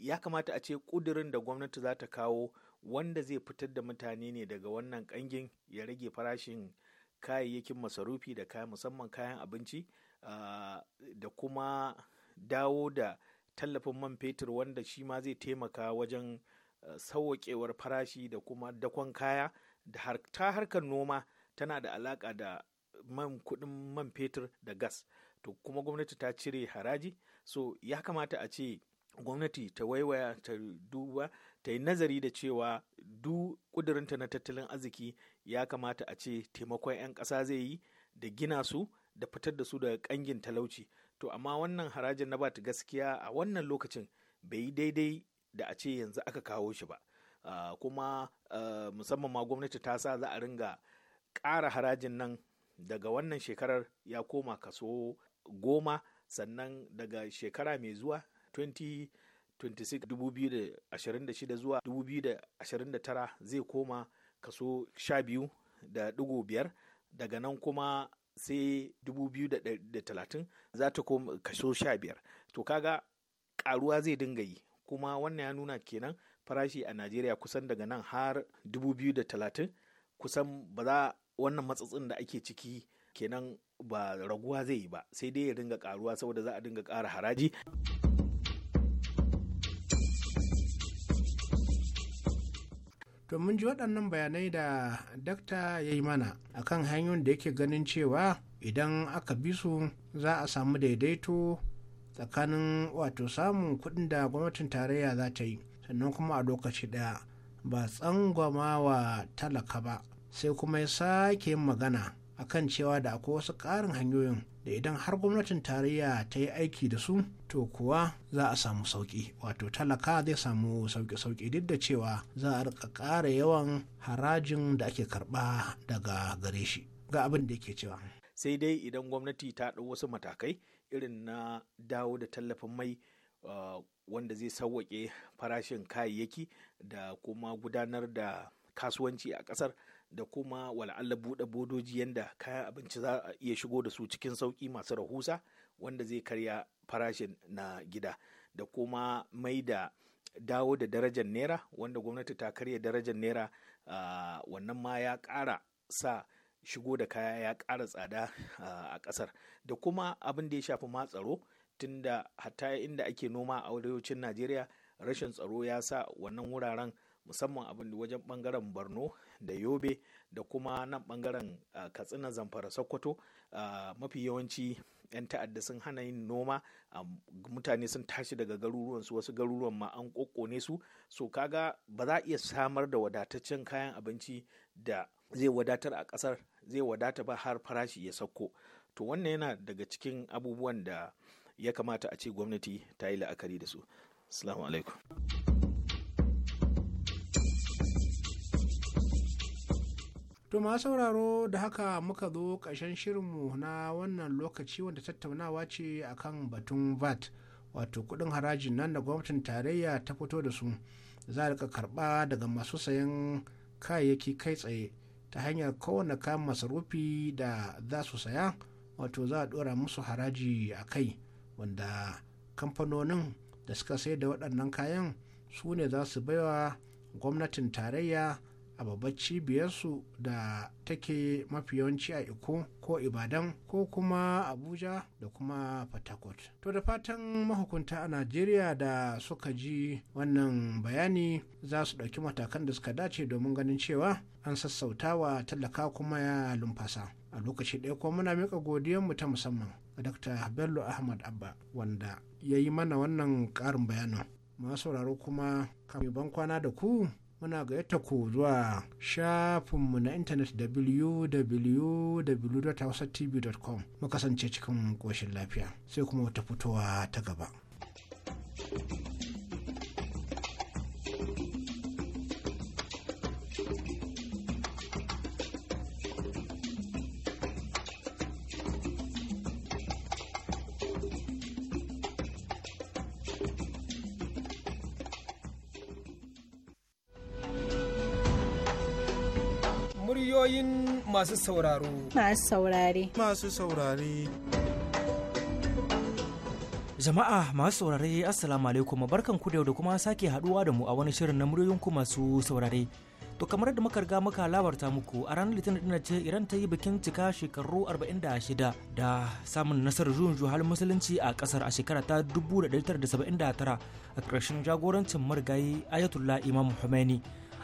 ya kamata a ce kudurin da gwamnati za ta kawo wanda zai fitar da mutane ne daga wannan kangin ya rage farashin kayayyakin masarufi da kayan musamman kayan abinci da kuma dawo da tallafin man fetur wanda shi ma zai taimaka wajen sauwaƙewar farashi da kuma dakon kaya da ta harkar noma tana da alaƙa da man kuɗin man fetur da gas to kuma gwamnati ta cire haraji so ya kamata a ce gwamnati ta waiwaya ta duba ta yi nazari da cewa du kudurinta na tattalin arziki ya kamata a ce taimakon 'yan ƙasa zai yi da gina su da fitar da su daga ƙangin talauci to amma wannan harajin na bata gaskiya a wannan lokacin bai yi daidai da a ce yanzu aka kawo shi ba ah, kuma ah, musamman ma gwamnati ta sa za a ringa ƙara harajin nan daga wannan shekarar ya koma kaso goma sannan daga shekara mai zuwa 2026 2026 zuwa 2029 zai koma kaso 12.5 daga nan kuma sai 2030 za ta koma kaso 15 to kaga karuwa zai dinga yi kuma wannan ya nuna kenan farashi a najeriya kusan daga nan har 2030 kusan ba za wannan matsatsin da ake ciki kenan ba raguwa zai yi ba sai dai ya dinga karuwa saboda za a dinga ƙara haraji. To mun ji waɗannan bayanai da dakta ya yi mana akan hanyoyin da yake ganin cewa idan aka bi su za a samu daidaito tsakanin wato samun kuɗin da gwamnatin tarayya za ta yi sannan kuma a lokaci ɗaya ba tsangwama wa talaka ba sai kuma ya sake magana akan cewa da akwai wasu ƙarin hanyoyin da idan har gwamnatin tarayya ta yi aiki da su to kuwa za a samu sauƙi wato talaka zai samu sauƙi-sauƙi duk da cewa za a rika ƙara yawan harajin da ake karɓa daga gare shi ga abin da yake cewa sai dai idan gwamnati ta ɗau wasu matakai irin na dawo da tallafin mai uh, wanda zai sauwaƙe farashin kayayyaki da kuma gudanar da kasuwanci a ƙasar da kuma wala'alla buɗe bodoji yadda kayan abinci za a iya shigo da su cikin sauƙi masu rahusa wanda zai karya farashin na gida da kuma mai da dawo da darajar naira wanda gwamnati ta karya darajar naira wannan ma ya ƙara sa shigo da kaya ya ƙara tsada a ƙasar da kuma abin da ya shafi ma tsaro tunda hatta inda ake noma a arewacin najeriya rashin tsaro ya sa wannan wuraren musamman abin wajen bangaren borno da yobe da kuma nan bangaren ah, katsina zamfara sokoto ah, mafi yawanci 'yan ta'adda sun hana yin noma mutane sun tashi daga garuruwan su wasu garuruwan ma an ne su so kaga ba za a iya samar da wadataccen kayan abinci da zai wadatar a kasar zai wadata ba har farashi ya sauko to wannan yana daga cikin abubuwan da ya kamata a ce gwamnati ta yi la'akari da su alaikum To ma sauraro da haka muka zo ƙarshen shirinmu na wannan lokaci wanda tattaunawa ce akan batun VAT wato kuɗin harajin nan da gwamnatin tarayya ta fito da su za a karɓa daga masu sayan kayayyaki kai tsaye ta hanyar kowane kayan masarufi da za su saya wato za a ɗora musu haraji a kai wanda kamfanonin da suka sai da waɗannan kayan su ne za su baiwa gwamnatin tarayya a babbar cibiyarsu da take mafi yawanci a iko ko ibadan ko kuma abuja da kuma fatakot to da fatan mahukunta a najeriya da suka ji wannan bayani za su ɗauki matakan da suka dace domin ganin cewa an sassauta wa tallaka kuma ya lumfasa a lokaci ɗaya kuma muna miƙa mu ta musamman ga dr bello ahmad abba wanda ya yi mana wannan ƙarin bayanin masu sauraro kuma kafin ban kwana da ku muna gayyata ku zuwa shafinmu na intanet www.hausatv.com mu kasance cikin ƙoshin lafiya sai kuma wata fitowa ta gaba. ra'ayoyin masu sauraro. Masu saurare. Masu saurare. Jama'a masu saurare Assalamu alaikum barkan ku da kuma sake haduwa da mu a wani shirin na muryoyin ku masu saurare. To kamar da muka riga muka labarta muku a ranar Litinin din ce Iran ta yi bikin cika shekaru 46 da samun nasarar juyin juhal musulunci a kasar a shekara ta 1979 a ƙarshen jagorancin marigayi Ayatollah Imam Khomeini.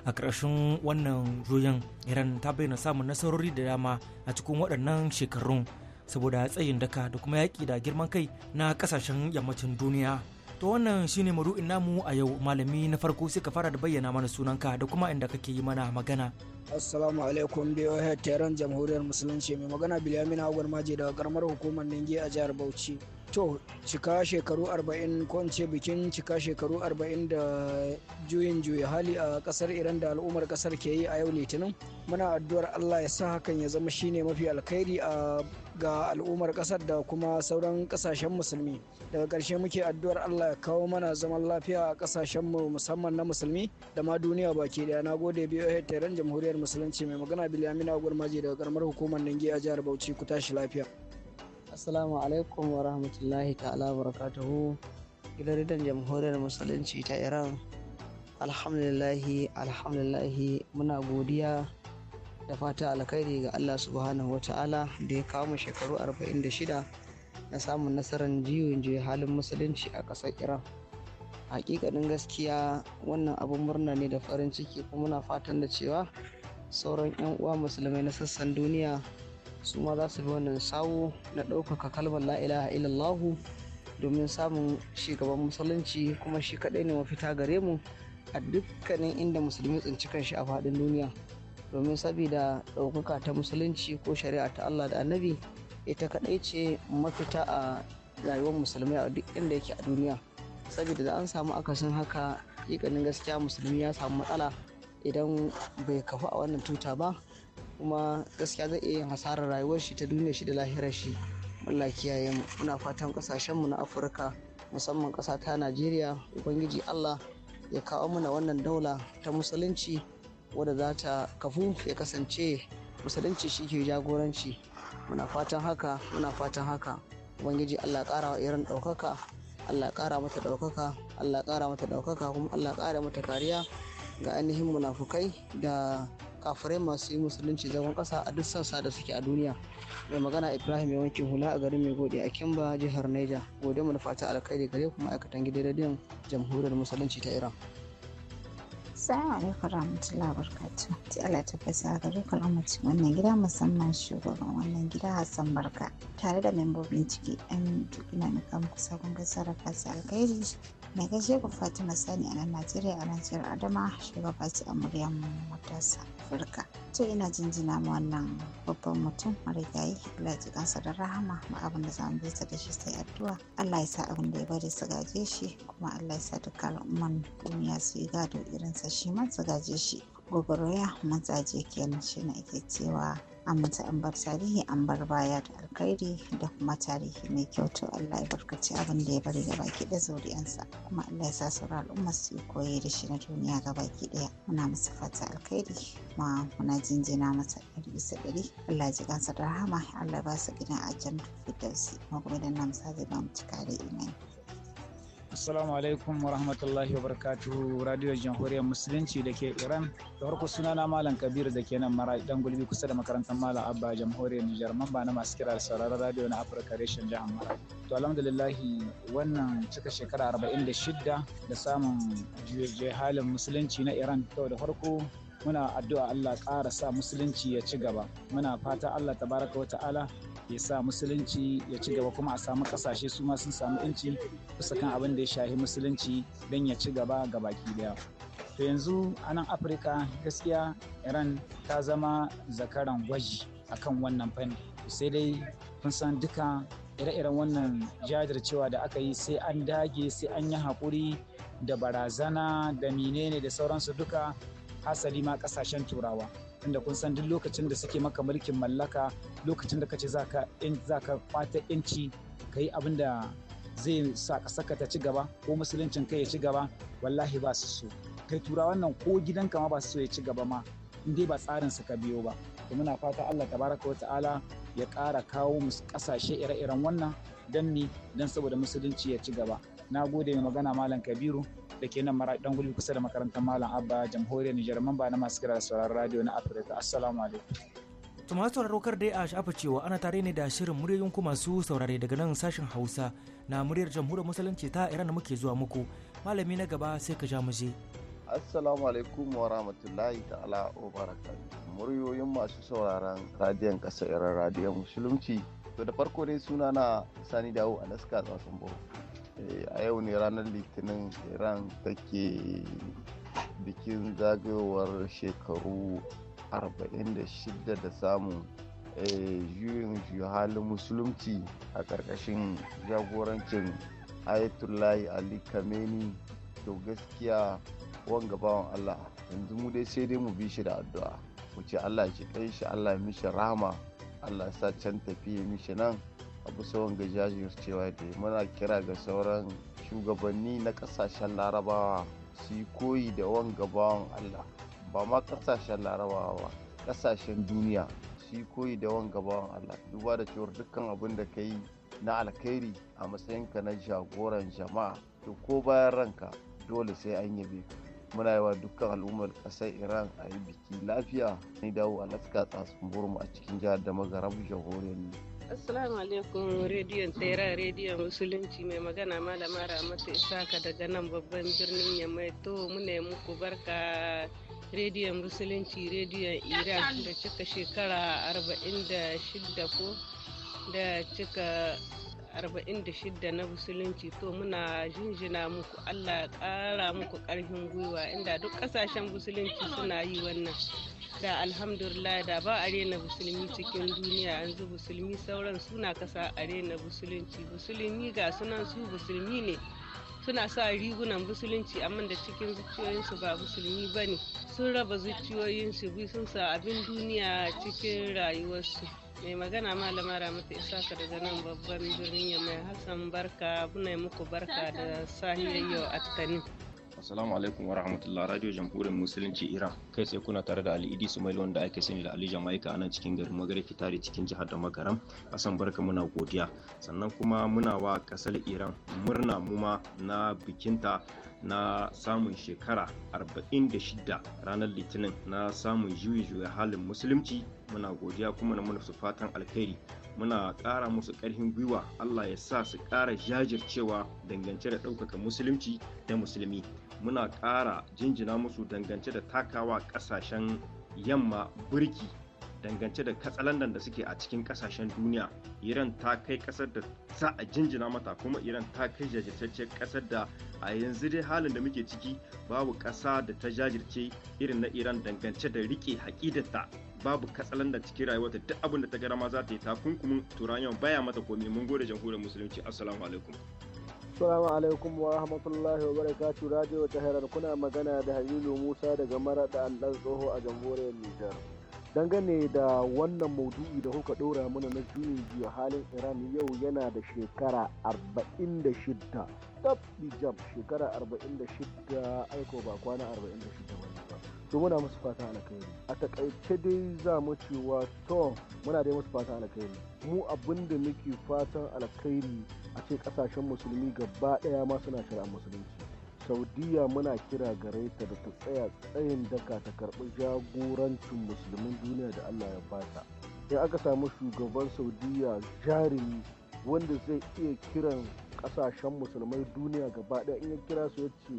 a ƙarshen wannan juyin iran ta bayyana samun nasarori da dama a cikin waɗannan shekarun saboda tsayin daka da kuma yaƙi da girman kai na ƙasashen yammacin duniya to wannan shine maru'in namu a yau malami na farko sai ka fara da bayyana mana sunanka da kuma inda kake yi mana magana Assalamu alaikum BOH Tehran Jamhuriyar Musulunci mai magana Bilyamin Agwar Maje daga karamar hukumar Ninge a jihar Bauchi. to cika shekaru 40 ko ce bikin cika shekaru 40 da juyin juya hali a kasar iran da al'ummar kasar ke yi a yau litinin muna addu'ar allah ya sa hakan ya zama shine mafi alkhairi a ga al'ummar kasar da kuma sauran kasashen musulmi daga ƙarshe muke addu'ar allah ya kawo mana zaman lafiya a kasashen mu musamman na musulmi da ma duniya baki daya na gode biyo tairan jamhuriyar musulunci mai magana bilamina gurmaji daga karamar hukumar ningiya a jihar bauchi ku tashi lafiya Assalamu alaikum wa rahmatullahi ta'ala barakatuhu gidan ridan jamhuriyar musulunci ta Iran. Alhamdulillahi, alhamdulillahi muna godiya da fata alkhairi ga Allah subhanahu wa ta'ala da ya kawo mu shekaru 46 na samun nasarar jiwon juya halin musulunci a ƙasar Iran. Hakikanin gaskiya wannan abun murna ne da farin ciki kuma muna fatan da cewa sauran 'yan uwa musulmai na sassan duniya su ma za su bi wannan sawo na ɗaukaka kalmar la ilaha illallahu domin samun gaban musulunci kuma shi kaɗai ne mafita gare mu a dukkanin inda musulmi tsinci kanshi a faɗin duniya domin sabida ɗaukaka ta musulunci ko shari'a ta Allah da annabi ita kaɗai ce mafita a rayuwar musulmai a duk inda yake a duniya saboda da an samu akasin haka yi ganin gaskiya musulmi ya samu matsala idan bai kafu a wannan tuta ba kuma gaskiya zai iya yin hasarar rayuwar shi ta duniya shi da lahirar shi Allah kiyaye mu muna fatan kasashen mu na Afirka musamman ƙasa ta Najeriya ubangiji Allah ya kawo mana wannan daula ta musulunci wadda za ta kafu ya kasance musulunci shi ke jagoranci muna fatan haka muna fatan haka ubangiji Allah ƙara wa irin ɗaukaka Allah ƙara mata ɗaukaka Allah ƙara mata ɗaukaka kuma Allah ƙara mata kariya ga ainihin munafukai da kafirai masu yi musulunci zagon kasa a duk sassa da suke a duniya mai magana ibrahim ya wanke hula a garin mai gode a kimba jihar niger gode mu da fata alkhairi gare kuma aikatan gidan radiyon jamhuriyar musulunci ta iran Assalamu alaikum warahmatullahi wabarakatuh. Ti Allah fasa gare ku amince wannan gida musamman shugaban wannan gida Hassan Barka tare da membobin ciki ɗan duk ina na kan kusa gungun sarrafa su alkhairi mai ga fatima sani a nan najeriya a nan jihar adama shugaba fati a muryar matasa afirka to ina jinjina ma wannan babban mutum marigayi allah kansa da rahama ma abin da zamu bisa da shi sai addu'a allah ya sa abin da ya bari su gaje shi kuma allah ya sa dukkan al'umman duniya su yi gado irinsa shi ma su gaje shi gogoroya matsaje kenan shi ne ake cewa a mata an bar tarihi an bar baya da alkhairi da kuma tarihi mai kyau to Allah ya barkaci abin da ya bari ga baki da zuri'ansa kuma Allah ya sa sauran al'umma su yi koyi da shi na duniya ga baki daya muna masa fata alkhairi ma muna jinjina masa ɗari bisa ɗari Allah ji kansa da rahama Allah ba su gidan aljanna fitausi mu kuma dan musa zai ba mu cika da imani Assalamu alaikum wa rahmatullahi wa barakatuhu Radio Jamhuriyar Musulunci da ke Iran. Da farko suna na Malam Kabir da ke nan mara dan gulbi kusa da makarantar Malam Abba Jamhuriyar Nijar mamba na masu kira da sauraron radio na Afirka Reshen Jihar Mara. To alhamdulillahi wannan cika shekara 46 da samun juye halin musulunci na Iran. To da farko muna addu'a Allah ƙara sa musulunci ya ci gaba muna fata Allah tabaraka wa ta'ala ya sa musulunci ya ci gaba kuma a samu ƙasashe su ma sun samu inci kusa kan abin da ya shahi musulunci don ya ci gaba ga baki daya to yanzu a nan afirka gaskiya iran ta zama zakaran gwaji akan wannan fanni sai dai kun san duka ire-iren wannan jajircewa da aka yi sai an dage sai an yi haƙuri da barazana da menene da sauransu duka hasali ma kasashen turawa inda kun san duk lokacin da suke maka mulkin mallaka lokacin da kace zaka zaka fata yanci kai abin da zai sa kasaka ta ci gaba ko musuluncin kai ya ci gaba wallahi ba su so kai turawan nan ko gidanka ma ba su so ya ci gaba ma in dai ba tsarin su ka biyo ba to muna fata Allah tabaraka ta'ala ya ƙara kawo mu kasashe ire-iren wannan dan ni dan saboda musulunci ya ci gaba na gode mai magana malam kabiru da ke nan mara kusa da makarantar Malam Abba jamhuriyar Nijar mamba na masu kira sauran radio na Afirka. Assalamu alaikum. Tumatur rokar dai a shafa cewa ana tare ne da shirin muryoyin ku masu saurare daga nan sashen Hausa na muryar jamhuriyar musulunci ta Iran muke zuwa muku. Malami na gaba sai ka ja mu je. Assalamu alaikum wa rahmatullahi ta'ala wa barakatuh. Muryoyin masu sauraron radiyon ƙasa irin radiyon musulunci. To da farko dai suna na Sani Dawo Alaska Tsatsun Bau. Eh, a yau ne ranar litinin iran take bikin zagayowar shekaru 46 da samun eh, juyin halin musulunci a ƙarƙashin jagorancin ayatollahi ali kameni to gaskiya wanga bawan allah yanzu mu dai sai dai mu bi shi da addu'a mu ce allah shi kai shi allah mishi rama allah sa can tafiye mishi nan abu sawan gajajin cewa da muna kira ga sauran shugabanni na kasashen larabawa su koyi da wanga bawan allah ba ma kasashen larabawa ba kasashen duniya su yi koyi da wanga bawan allah duba da cewar dukkan abin da ka yi na alkhairi a matsayinka na jagoran jama'a to ko bayan ranka dole sai an yabe muna yawa dukkan al'ummar ƙasar iran a yi biki lafiya ni dawo alaska tsatsun burma a cikin jihar da magarabu jamhuriyar Assalamu alaikum rediyon tsera rediyon musulunci mai magana malama Ramatu Isaka daga nan babban birnin Yamai to muna muku barka rediyon musulunci rediyon Iran da cika shekara 46 ko da cika 46 na musulunci to muna jinjina muku Allah ƙara muku karfin gwiwa inda duk ƙasashen musulunci suna yi wannan da alhamdulillah da ba a rena musulmi cikin duniya yanzu musulmi sauran suna kasa a rena musulunci musulmi ga sunan su musulmi ne suna sa rigunan musulunci amma da cikin zuciyoyinsu ba musulmi ba ne sun raba zuciyoyinsu bi sun sa abin duniya cikin rayuwarsu mai magana malama ramata isaka daga nan babban birnin mai hassan barka muna muku barka da sahiyar yau attanin Assalamu alaikum wa rahmatullah Radio Jamhuriyar Musulunci Iran. Kai sai kuna tare da Ali Idi Sumail wanda ake sani da Ali Jamaika a nan cikin garin magare tare cikin jihar da Makaram. Asan barka muna godiya. Sannan kuma muna wa kasar Iran murna muma na bikinta na samun shekara 46 ranar Litinin na samun juyi juya halin musulunci muna godiya kuma na mana su fatan alkhairi muna ƙara musu ƙarfin gwiwa Allah ya sa su ƙara jajircewa dangance da ɗaukaka musulunci da musulmi muna ƙara jinjina musu dangance da takawa ƙasashen yamma birki dangance da katsalandan da suke a cikin kasashen duniya iran ta kai ƙasar da za a jinjina mata kuma iran ta kai jajirtacce kasar da a yanzu dai halin da muke ciki babu ƙasa da ta jajirce irin na iran dangance da rike haƙidata babu katsalandan cikin rayuwarta duk abin da ta gara ma za ta yi takunkumin turaniya baya mata komai mun gode jamhuriyar musulunci assalamu alaikum Assalamu alaikum wa rahmatullahi wa barakatu Radio Tahiran kuna magana da Halilu Musa daga Marada Allah Tsoho a jamhuriyar Nijar. Dangane da wannan maudu'i da kuka ɗora mana na juyin biyu halin Iran yau yana da shekara 46. Tab jam shekara 46 aiko ba kwana 46 ba. to muna musu fata alkhairi a takaice dai za mu cewa to muna dai musu fata alkhairi mu abinda muke fatan alkhairi a ce kasashen musulmi gaba daya ma suna shari'ar musulunci saudiya muna kira gare ta da ta tsaya tsayin daka ta karbi jagorancin musulmin duniya da allah ya bata in aka samu shugaban saudiya jarumi wanda zai iya kiran kasashen musulmai duniya gaba daya in ya kira su ya ce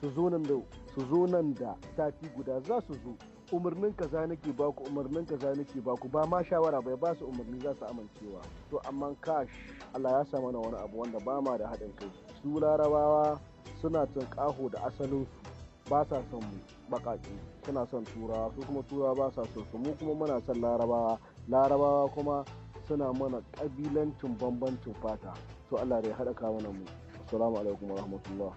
su zo nan da su zo nan da sati guda za su zo umarnin kaza nake baku umarnin kaza nake baku ba ma shawara bai ba su umarni za su amincewa to amma kash Allah ya sa mana wani abu wanda ba ma da haɗin kai su larabawa suna cin ƙaho da asalin su ba sa son mu baƙaƙi suna son turawa su kuma turawa ba sa son su mu kuma muna son larabawa larabawa kuma suna mana kabilancin bambancin fata to Allah ya haɗa ka mana mu assalamu alaikum wa rahmatullah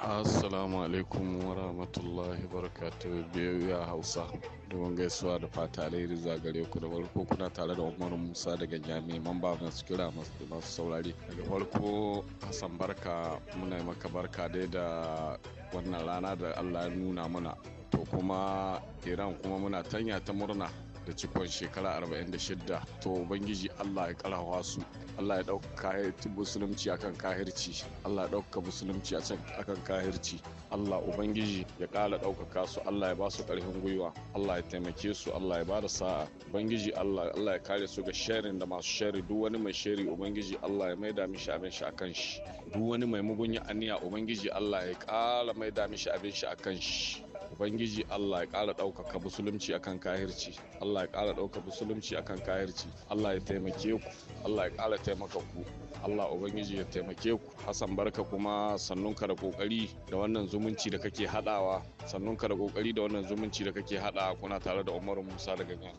Assalamu alaikum wa rahmatullahi barakatuh biyu ya Hausa. Domin gaisuwa da fata alheri zagare ku da farko kuna tare da Umaru Musa daga Jami mamba masu kira masu masu saurari. Daga farko Hassan barka muna yi maka barka dai da wannan rana da Allah ya nuna mana. To kuma Iran kuma muna tanya ta murna da cikon shekara 46 to ubangiji Allah ya karawa su Allah ya dauka musulunci akan kahirci Allah ya dauka musulunci akan kahirci Allah ubangiji ya kara daukaka su Allah ya ba su karfin gwiwa Allah ya taimake su Allah ya ba da sa'a ubangiji Allah Allah ya kare su ga sharin da masu shari duk wani mai shari ubangiji Allah ya maida mishi abin shi akan shi duk wani mai mugunya aniya ubangiji Allah ya ƙara maida mishi abin shi akan shi ubangiji allah ya ƙara ɗaukaka musulunci akan kahirci allah ya ƙara ɗaukaka musulunci akan kahirci allah ya taimake ku allah ya ƙara taimaka ku allah ubangiji ya taimake ku hassan barka kuma sannun ka da kokari da wannan zumunci da kake hadawa sannun ka da kokari da wannan zumunci da kake hadawa kuna tare da umaru musa daga gani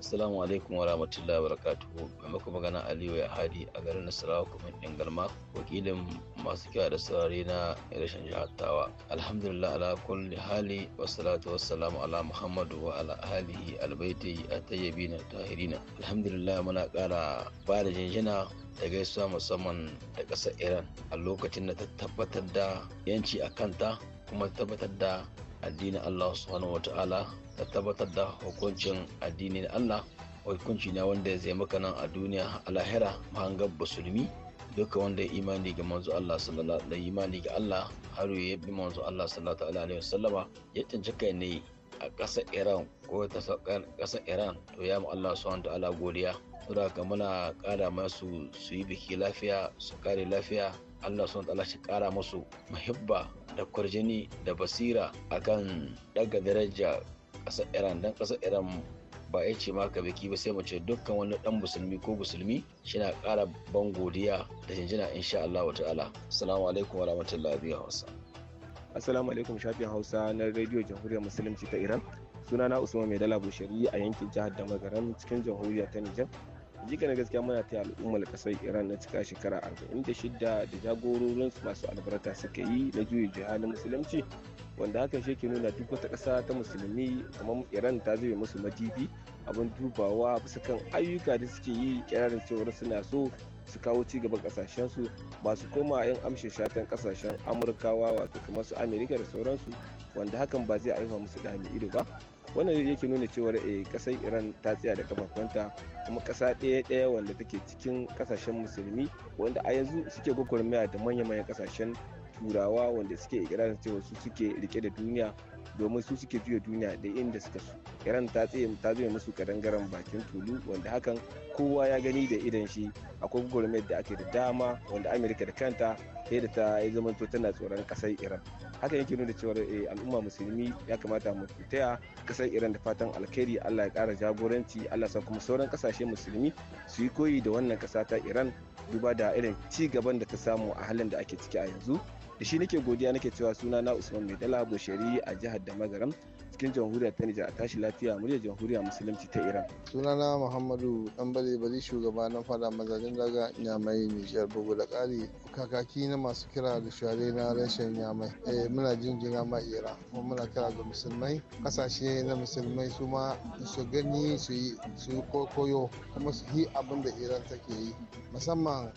Assalamu alaikum wa rahmatullahi wa barakatuhu. Mai magana Aliyu ya hadi a garin Nasarawa kuma ɗin galma wakilin masu kyau da sarari na rashin jihar Tawa. Alhamdulillah ala kulli hali wa salatu wa salamu ala Muhammadu wa ala alihi albaiti a tayyabina tahirina. Alhamdulillah muna kara ba da jinjina da gaisuwa musamman da ƙasar Iran a lokacin da ta tabbatar da yanci a kanta kuma tabbatar da addinin Allah subhanahu wata'ala da tabbatar da hukuncin addinin Allah hukunci na wanda zai maka nan a duniya a lahira mahangar musulmi duka wanda ya imani ga manzo Allah sallallahu alaihi imani ga Allah har ya bi manzo Allah sallallahu alaihi wasallama ya tsinci kai ne a ƙasar Iran ko ta ƙasar Iran to ya mu Allah subhanahu ta'ala godiya saboda muna ƙara masu su yi biki lafiya su kare lafiya Allah sun ta'ala shi kara masu muhibba da kwarjini da basira a kan daga daraja ƙasar Iran dan ƙasar Iran ba ya ce maka biki ba sai mace dukkan wani dan musulmi ko musulmi shina kara ban godiya da jinjina insha Allah wa ta'ala assalamu alaikum wa rahmatullahi wa hausa. assalamu alaikum shafin hausa na rediyo jamhuriyar musulunci ta iran sunana usman maidala dala bushari a yankin jihar damagaram cikin jamhuriyar ta nijar jika na gaskiya muna taya al'ummar kasar iran na cika shekara arba'in da da jagororin masu albarka suka yi na jiha jihalin musulunci wanda haka shi ke nuna duk wata ƙasa ta musulmi kamar iran ta zube musu madibi abin dubawa bisa kan ayyuka da suke yi kirarin cewar suna so su kawo ci gaban kasashen kasashensu masu koma yan amshe shatan kasashen amurkawa wato kamar su amerika da sauransu wanda hakan ba zai aiwa musu dami ido ba wannan yake nuna cewar a eh, kasar iran ta tsaya da kafafunta kuma kasa ɗaya ɗaya wanda take cikin kasashen musulmi wanda a yanzu suke gwagwarmaya da manya-manyan kasashen turawa wanda suke ikirarin cewa su suke rike da duniya domin su suke juya duniya da inda suka su iran ta tsaye ta zo musu kadangaren bakin tulu wanda hakan kowa ya gani da idan shi akwai gwamnati da ake da dama wanda amerika da kanta sai da ta yi zamanto tana tsoron kasar iran haka yake nuna cewa eh, al'umma musulmi ya kamata mu taya kasar iran da fatan alkhairi allah ya kara jagoranci allah sa kuma sauran kasashe musulmi su yi koyi da wannan kasa ta iran duba da irin ci gaban da ta samu a halin da ake ciki a yanzu da shi nake godiya nake cewa suna na usman mai dala bushari a jihar da magaram cikin jamhuriyar ta nijar a tashi lafiya murya jamhuriyar musulunci ta iran suna na muhammadu bale bali shugaba na fada mazajen daga nyamai nijar bugu da kari kakaki na masu kira da share na rashin nyamai eh, muna jinjina ma iran kuma muna kira ga musulmai kasashe na musulmai su ma su gani su yi koyo kuma su yi abin da iran take yi musamman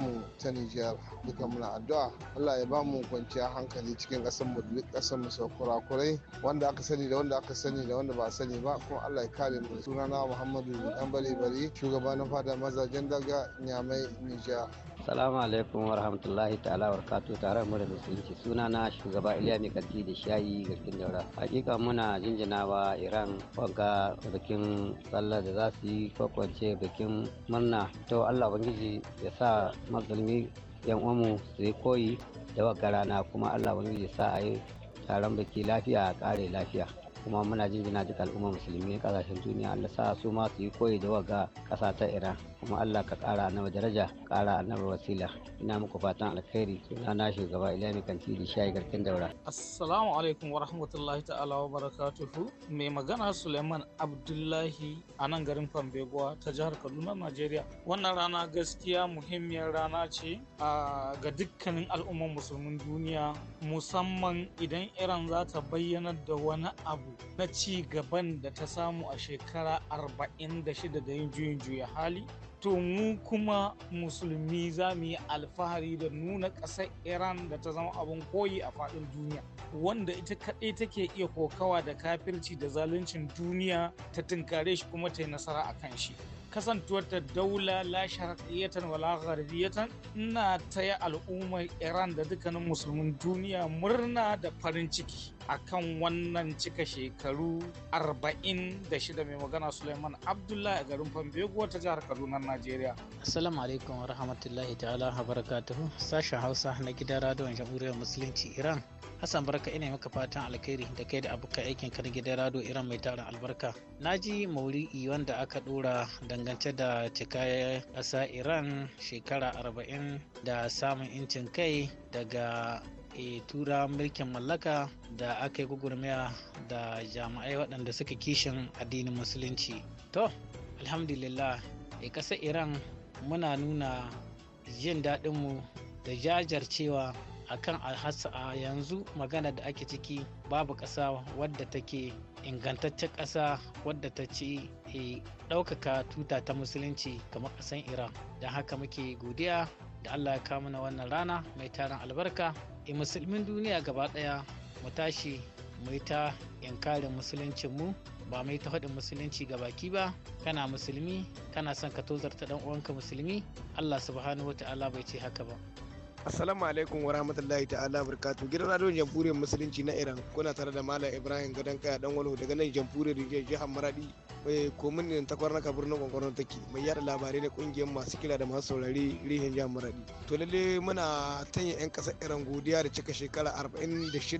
mu ta Nijar duka muna addu'a Allah ya bamu kwanciyar hankali cikin mu duk ƙasarmu sau kurakurai wanda aka sani da wanda aka sani da wanda ba a sani ba kuma Allah ya kare mu sunana Muhammadu Dan bare bare shugaba na fada mazajen daga Nyamai Nijar Salamu alaikum wa rahmatullahi ta'ala wa barakatuh tare mu da musulunci suna na shugaba Iliya karfi da shayi garkin daura. Hakika muna jinjinawa Iran wanga bikin sallah da za su yi kwakwance bikin murna to Allah Ubangiji ya sa musulmi yan uwanmu su yi koyi da wagga rana kuma Allah Ubangiji ya sa a yi taron biki lafiya a kare lafiya. kuma muna jinjina duka al'ummar musulmi kasashen duniya Allah sa su ma su yi koyi da waga kasa ta Iran kuma Allah ka ƙara annaba daraja kara annabi wasila ina muku fatan alkhairi suna na shugaba Ilani Kantiri shayi garkin daura assalamu alaikum wa rahmatullahi ta'ala wa barakatuhu mai magana Suleiman Abdullahi a nan garin Fambegowa ta jihar Kaduna Najeriya wannan rana gaskiya muhimmiyar rana ce ga dukkanin al'ummar musulmin duniya musamman idan Iran za ta bayyana da wani abu na ci gaban da ta samu a shekara 46 da yin juyin juya hali to mu kuma musulmi za mu yi alfahari da nuna ƙasar iran da ta zama abin koyi a faɗin duniya wanda ita kaɗai take iya kokawa da kafirci da zaluncin duniya ta tunkare shi kuma ta yi nasara a kan shi kasantuwar ta daula la sharqiyatan wala gharbiyatan ina taya al'ummar Iran da dukkanin musulmin duniya murna da farin ciki akan wannan cika shekaru 46 mai magana Suleiman Abdullahi a garin Fambego ta jihar Kaduna Najeriya. Assalamu alaikum wa rahmatullahi ta'ala wa barakatuhu. Sashen Hausa na gidan radiyon Jamhuriyar Musulunci Iran. Hassan Barka ina maka fatan alkhairi da kai da abokan aikin kan gidan rado Iran mai tarin albarka. Na ji mauri'i wanda aka dora dangance da cika ƙasa iran shekara 40 da samun incin kai daga e, tura mulkin mallaka da aka yi gugurmiya da jami'ai waɗanda suka kishin addinin musulunci to alhamdulillah e, ƙasar iran muna nuna jin daɗinmu da jajar jajarcewa akan alhassa a yanzu magana da ake ciki babu ƙasa wadda take ingantaccen ƙasa wadda ta ci ɗaukaka tuta ta musulunci kamar ƙasan iran don haka muke godiya da allah ya kawo mana wannan rana mai tarin albarka e musulmin duniya gaba ɗaya mu tashi mu yi ta yankarin musuluncin mu ba mai ta faɗin musulunci ga baki ba kana musulmi kana son ka tozarta ɗan uwanka musulmi allah subhanahu ta'ala bai ce haka ba Assalamu alaikum wa rahmatullahi ta'ala barkatu gidan radiyon jamhuriyar musulunci na Iran kuna tare da Malam Ibrahim Gadan Kaya dan Walo daga nan jamhuriyar jihar Maradi Eh, komin ne ta ka birnin kwankwaron take mai yada labarai na kungiyar masu kila da masu saurari rihin jihar maradi to lalle muna tanya 'yan kasar iran godiya da cika shekara 46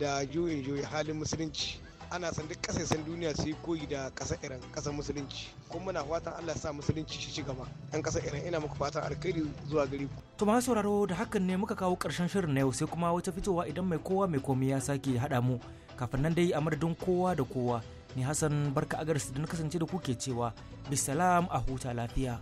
da juyin juyi halin musulunci ana san duk kasashen duniya su yi koyi da kasar iran kasar musulunci kuma muna fatan allah sa musulunci shi gaba yan kasar iran ina muku fatan alkhairi zuwa gari ku to masu sauraro da hakan ne muka kawo karshen shirin na yau sai kuma wata fitowa idan mai kowa mai komai ya sake haɗa mu kafin nan dai a madadin kowa da kowa ni hassan barka agarsu da na kasance da kuke cewa bisalam a huta lafiya.